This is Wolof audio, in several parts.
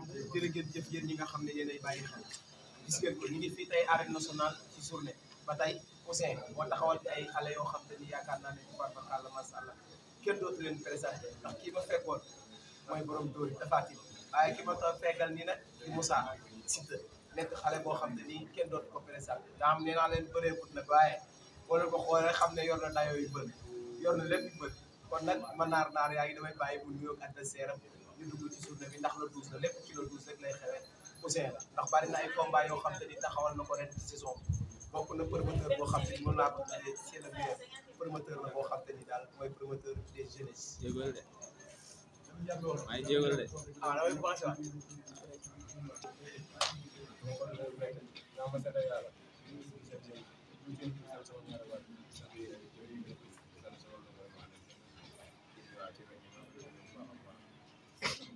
am jërë ngeen jëf yéen ñi nga xam ne yéenay bàyyi xel gis ngeen ko ñu ngi fii tey arène nationale ci journée ba tey Ousseyn moo taxawal bi ay xale yoo xam te ni yaakaar naa ne tubarfakalla masha Allah kenn dootu leen présenté ndax kii ma fekkoon mooy borom dóor yi dafaati waaye ki ma toog fekkal nii nag di Moussa Siteu nekk xale boo xam te nii kenn dootu ko présenté daa am nee naa leen bëreekut nag waaye wala ko xoolee xam ne yor na dayoo yu bëri yor na lépp yu bëri kon nag ma naar naar yaa ngi damay bàyyi bu nuyoog adversaire am di dugg ci journée bi ndax la douze la lépp ci la douze rek lay xewee Ouzin la ndax bari na ay combat yoo xam te ni taxawal na ko ren ci saison bi bokk na promoteur boo xam te ni mën naa ko tuddee c'est le meilleur promoteur la boo xam te ni daal mooy promoteur des jeunesses. jégal de waaye jégal de. ah damay commencé waat. Thank you.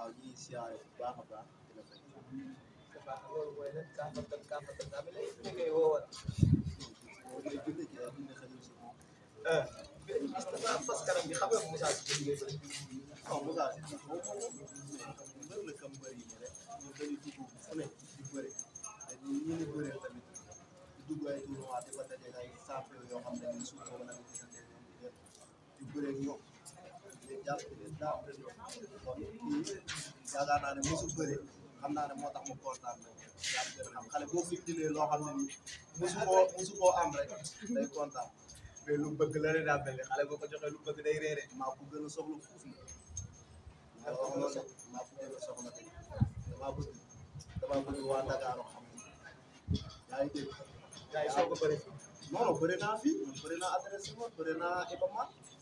waaw ñu ngi siyaare bu baax a baax di la fay. waaw loolu mooy nag kàmbatal kàmbatal daa mel ni ñu koy woowal. moom mooy jullit yi daal ñu ne xajul si moom. mais gis na maa fas kanam bi xam nga Moussa si biir ngay bëri. non Moussa si biir moom moom mais lan la kam bëri yi rek ñu dañu dugg fu ne di bëri te ñu ñu ngi bëree tamit di dugg ay tournois di fa daje ay saako yoo xam ne ñu suuf soo mën a di bëree ñoom. jàppale daaw ren kon yaakaar naa ne mosul bëre xam naa ne moo tax mu kontaan na yaa ngi gën a xam xale boo fi jëlee loo xam ne nii mosu koo mosu koo am rek day kontaan mais lu bëgg la rek daa mel ne xale boo ko joxee lu bëgg day reere maa ko gën a soxla fuuf na maa ko gën a soxla maa ko gën a soxla tey damaa bëgg damaa bëgg waa Dakar xam yaa ngi dégg. yaa ngi soog a bëri. non non bëri naa fii bëri naa adresse bi bëri naa Iba Mar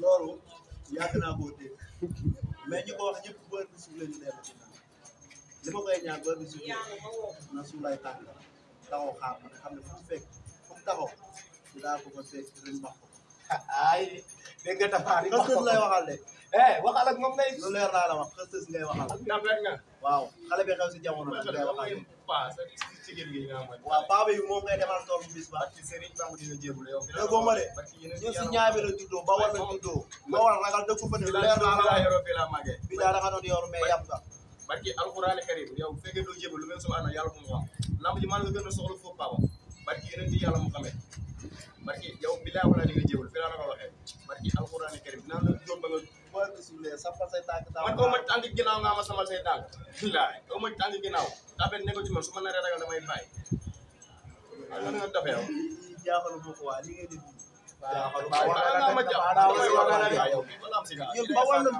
loolu yàgg naa koo dégg mais ñu ko wax ñëpp bër bi suuf la ñu dellu ginnaaw li ma koy ñaan bër bi suuf na suuf lay tànn taxaw xaar ma ne xam ne fu mu fekk fu mu taxaw dinaa ko ko seet ren ay dégg nga dafa ari. xës-xës lay waxal de. Eh, waxal ak moom lay. lu leer la wax xës-xës waxal. waaw xale bi xew si jamono bi ngay waxal de. waaw baaba yi moom ngay demal tool bu bis ba. déggoo eh, ma si ñaabe la juddoo bawal la fa ne lu leer laa la wax. bi daa da nga doon yor mais yam nga. barki alxuraan la gën a soxla foofu baaba barki yeneen barki yow bi laa wala di nga jéewul fi laa la ko waxee barki alxuraan karim dinaa la jóom ba nga boo ko suulee sampal say tànk man koo ma tànk ginnaaw nga ma samal say tànk billaay koo ma tànk ginnaaw tapet ne ko ci man su ma naree ragal damay bàyyi waaw lan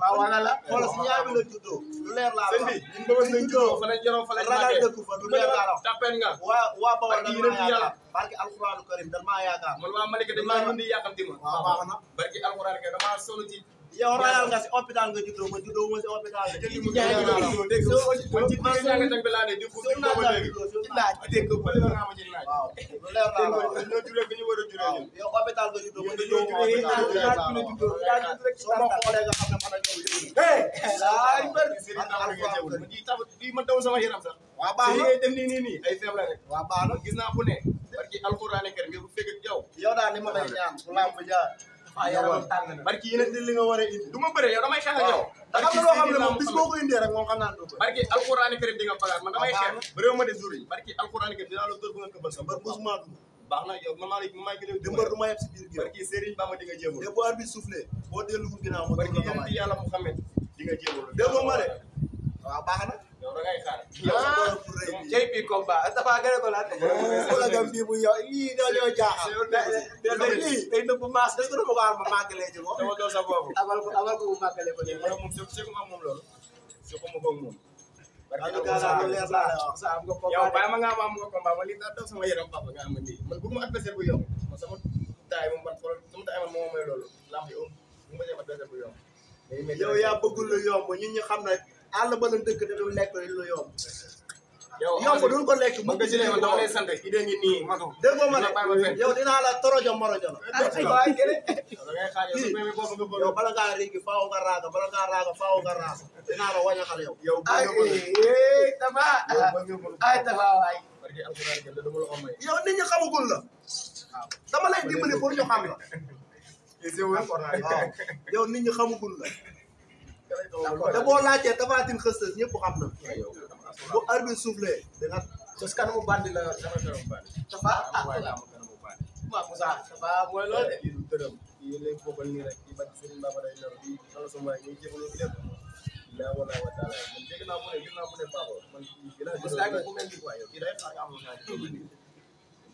waaw waaw la xoolal si ñaar bi la juddoo. lu leer laa la wax sëñ bi ñu juddoo fa lañ jaroo fa waa waa Bawol dañ maa yaakaar karim dañ maa yaakaar. man waa Malika dañ maa indi ma. waaw waaw barki alxuraan karim damaa sonn ci yow royal nga si hôpital nga juddoo ma juddoo ma si hôpital la. jënd ma jaay ma juddoo dégg nga ma juddoo ma juddoo ma juddoo ma juddoo ma juddoo ma dégg nga ma leer naa ma ci laaj. waaw leer naa ma waaw ñoo juree bi ñu war a juree ñun. yow hôpital nga juddoo ma juddoo ma juddoo ma juddoo ma juddoo ma xoolee nga xam ne man ak yow juddoo. ay bëri sëriñ taxaw nga jaww ji di taw di ma daw sama yaram sax. waa baax na dem nii nii nii ay feem la rek. waa baax na gis naa bu ne. parce que alxuraan kër nga bu fekk yow. yow daal li ma lay ñaan bu lamb jaar Ah, waaw yaramam tàng na barki yéen a li nga war a indi damay xeex ak yow da ko indee rek moom xam naa doo barki alxuraan man damay ah, xeex bëréew ah. ma de jour yi barki alxuraan karim dinaa la dóor bu nga këbal musuma du baax na yow man maa lay maa ngi leen si biir gi barki Serigne Bamba di nga jéewul te bu arbitre soufflé boo dellu ginnaaw ma barki yéen di yàlla Muhammad di nga jéewul déggoo ma de waaw baax na yow da ngay xaar. yow sa borom bu rëy bi JP combat dafa gën ko laaj. wala gam bii bu yow lii daal yoo jaaxal. lii day nëbb maas day gën a ko waar ma màggalee ci ko. dama doon sa boobu. abal ko abal ko bu màggalee ko. dégg nga moom c' est ma moom loolu. c' est ma ko moom. parce que sa am nga combat yow bàyyi ma nga am nga combat ma lii daal daw sama yaram papa nga am ma lii man bu ma adversaire bu yow man sama taay moom man xool sama taay man moo may loolu lamb yow bu ma adversaire bu yow yow yaa bëggul lu yomb ñun ñu xam na àll ba la dëkk da du lekk lu yomb. yomb duñ ko lekk mu ngi si yow dama lay sant ma yow dinaa la torojo morojo la. yow bala ngaa riigi faaw nga raaga bala ngaa raaga faaw nga raaga dinaa la wañaxal yow. yow eh, dama ay dama waay. yow nit ñi xamagul la. Ah. dama lay dimbali pour ñu xam la. te boo laajtee Tapha Tine xës xës ñëpp xam na bu arbitre soufflé da nga sos kanamu bandi la sama kanamu bandi Tapha ah waaw la wala wa taala man dégg naa mu ne gis naa mu ne Baba man gis naa ko mel ni quoi yow kii day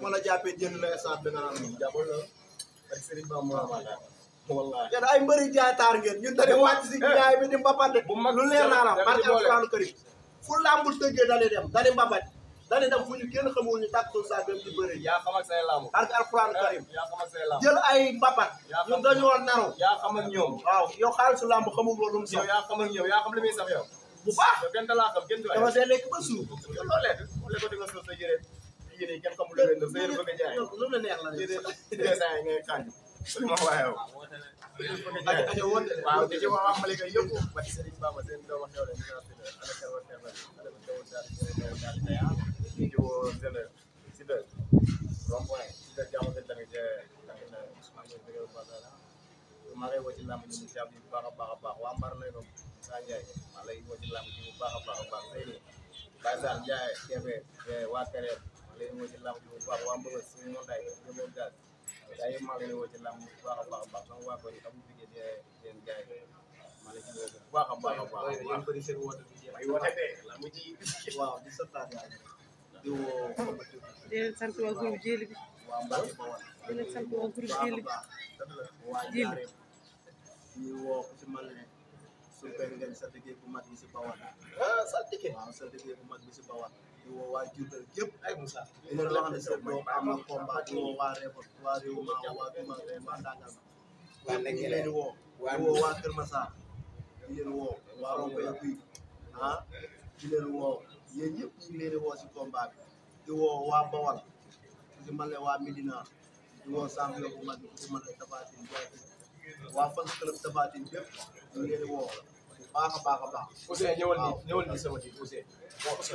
mën a jàppee jën la saat bi nga naan moom la ak Serigne Bamba wala wallahi yéen ay mbëri jaataar ngeen ñun dañu wàcc si jaay bi di mbapat bu mag lu leer naa la par alxuraanu karim fu làmbul tëggee dañuy dem dañuy mbapat dañuy dem fu ñu kenn xamul ñu tàkk saa dem di bëri Ya, xam ak say làmb par alxuraanu karim yaa xam ak say làmb jël ay mbapat ñun dañoo naru yaa xam ak ñoom waaw yow xaalisu làmb xamul loolu mu sax xam ak ñoom xam sax yow bu baax da xam dama ba ko di nga sa ini kenn xamul leen def sa yéen bëgg a jaay lu la neex la yéen saa yi ngay xañ suñu ma waaye waaw di ci wax wax malika yëpp ba ci sëriñ baba seen doo wax yow leen ala ka wa teewal ala ka wa daal daal yaa di ci wo gëna si de rompoy si de jaamu de tamit tamit Ousmane Diop dëgg ba dara maa ngi woo ci làmb ji mu jàpp bu baax a baax a baax waa leen woo ci làmb bu baax waa Mbëbës suñu noonu daay jëmoo gaz gaa yëpp maa leen woo ci làmb bu baax a baax a baax sama waa koñ xam nga jógee dee seen gaay maa leen ci woo bu baax a baax a baax yéen bëri seen woote bi jeex ay woote làmb ji waaw di santaat yaa di woo di leen sant waa groupe jéeli bi waa Mbacke Bawal di leen sant waa groupe jéeli bi waa Ndiaré ñu woo ku ci mën suñ koy ngeen saltige bu mag bi si Bawal saltige waaw saltige bu mag bi si Bawal di woo waa Diourbel yëpp ay Moussa di leen wax ne seen doom am na combat di woo waa Révolte waa Réew Ma waa Dumatou waa Ndangal waa nekk leen di woo di woo waa Kër Massar di leen woo waa Rompé Guy ah di la waa Médina fan club Tafatine bépp ñu ngi leen di a baax a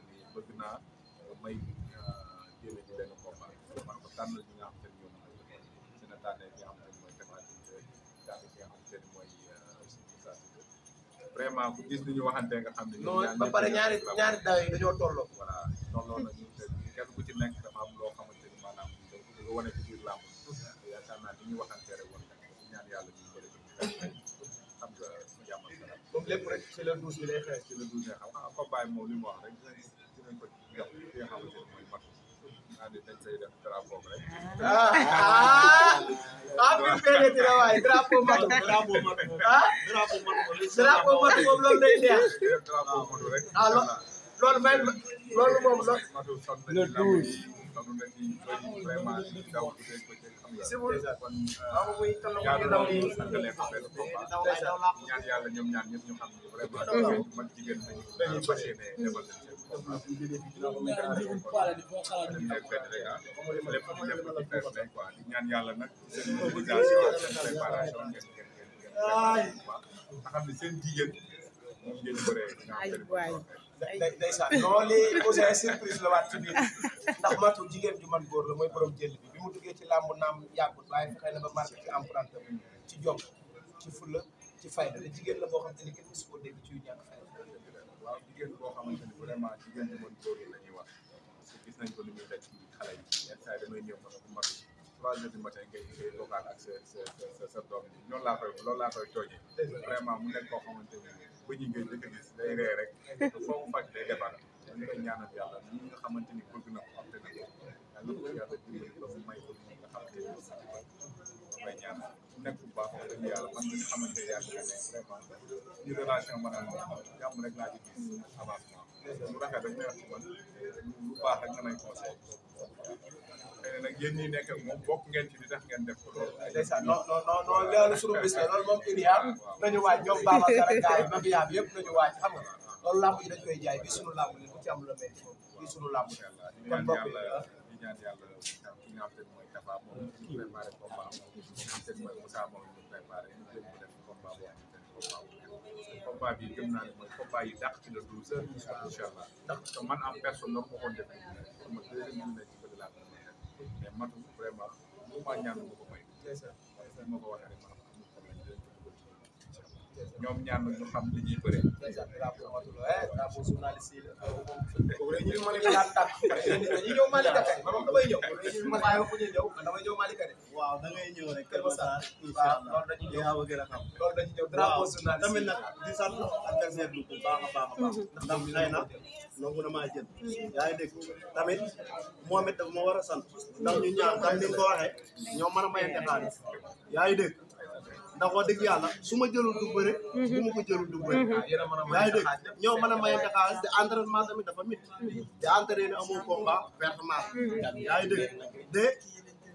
bëgg naa may génne ñu benn combat vraiment tànn ñi nga xam te ne ñoom seen tànne bi xam te ne mooy Tafatine tànn xam te ne vraiment ku gis ñu waxante nga xam ne. non ba pare ñaari ñaari daaw yi dañoo tolloo. voilà tolloo na ñu kenn ku ci nekk dafa am loo xamante ni ci biir ñu waxante rek ñaan ñu xam nga rek ci lay ci xam nga li wax rek. say def drapeau rek. ah ah bi mu dee dina waay drapeau moto. drapeau moto ah. drapeau moto boobu loolu day neex. ah loolu loolu mooy loolu moom la. lu leen di doy vraiment di daw bu dee ko jël xam nga kon yaatu na ñu sant leen ko benn combat ñaan yàlla ñoom ñaan ñëpp ñu xam ne vraiment man jigéen nañu dañuy fas yéene defal leen seen lépp lépp ci fees lay quoi di ñaan yàlla nag seen mobilisation seen préparation ngeen ngeen ngeen ngeen xam ne seen jigéen moom ngeen bëree ndeysaan non lii aussi ay surprise la waat ci biir ndax matu jigéen ju man góor la mooy borom jël bi bi mu duggee ci làmb naam yàggut waaye fexe na ba marqué ci empreinte ci jom ci fulla ci fayda la jigéen la boo xam te ni kenn mosu ko dégg ci yu jigéen boo xamante ni vraiment jigéen ju man góor la ñuy wax parce que gis nañ ko li muy trois heures du matin ngay ngay ak sa sa sa sa doom bi loolu laa koy vraiment mu nekk koo xamante ni ba ñu ngay dëkk gis day ree rek foofu fàcc day defar dañ koy ñaanal yàlla nga xamante ni bëgg na ko am te na ko yàlla ko yàlla dimbali ba mu may ko ñu nga xamante ni koy ñaanal nekk bu baax wax dëgg yàlla man nga xamante yàgg na ne vraiment ñu relation man ak moom jàmm rek laa ci gis avancement lu rafet dañ may man lu nga may conseil xëy na nag yéen ñi nekk ak moom bokk ngeen ci li tax ngeen def ko loolu. ndeysaan non non non loolu sunu bis la loolu moom indi yaam nañu waaj ñoom Babacar ak gars yi ma fi yaam yëpp nañu waaj xam nga loolu làmb yi dañ koy jaay bi sunu làmb li ku ci am la mel bi sunu làmb la kon bokk ah. di ñaan yàlla ki nga xam ne mooy Tapha moom ñu préparé combat moom ki nga xam ne mooy Moussa moom ñu préparé ñu def combat boobu combat bi gëm naa ne mooy combat yi dàq ci le douze heures incha allah ndax man am personne la ko waxoon def ma deuxième ñu nekk ci bëgg laa mais matul vraiment lu ma ñaan ma ko may. c' est ça ma ko waxee rek ma ñoom ñaar ñu xam li ñuy bëree. waaw da ngay ñëw rek kër Masar. waaw loolu dañuy ñëw gën a xam. loolu dañuy ñëw drapeau journaliste tamit nag di sant adversaire bi bu baax a baax a baax. ndax xëy na nangu na maa jël. yaa ngi dégg tamit Mohamed dafa ma war a sant. ndax ñu ñaar tam ni mu ko waxee ñoo mën a mayante xaalis yaa ngi dégg ndax wax dëgg yàlla su ma jëlul du bëre ma ko mm-hmm. ñoo mën a mayante xaalis te entraînement tamit dafa mit te entraîné amoo combat pertement mm-hmm. yaa ngi dégg de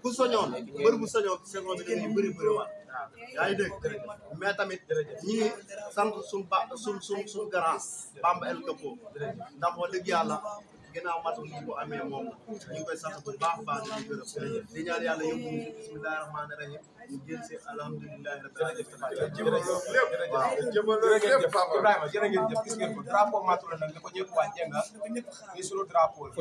ku soñoon mbër bu soñoon saison bi dañuy bëri bëri waat yaa mais tamit ñi ngi sant suñ ba suñ suñ suñ garant Bamba El Capo ndax wax yàlla ginnaaw mat bi ko amee moom ñu ngi koy sant bu baax baax di gërëm di ñaan yàlla yóbbu ñu bismillahi rahmaani rahim ñu génn si alhamdulilahi rabbil alamin Ibrahima jërëngeen jëf gis ngeen ko drapeau Matou la nag ni ko ñëpp waa Jenga ni sunu drapeau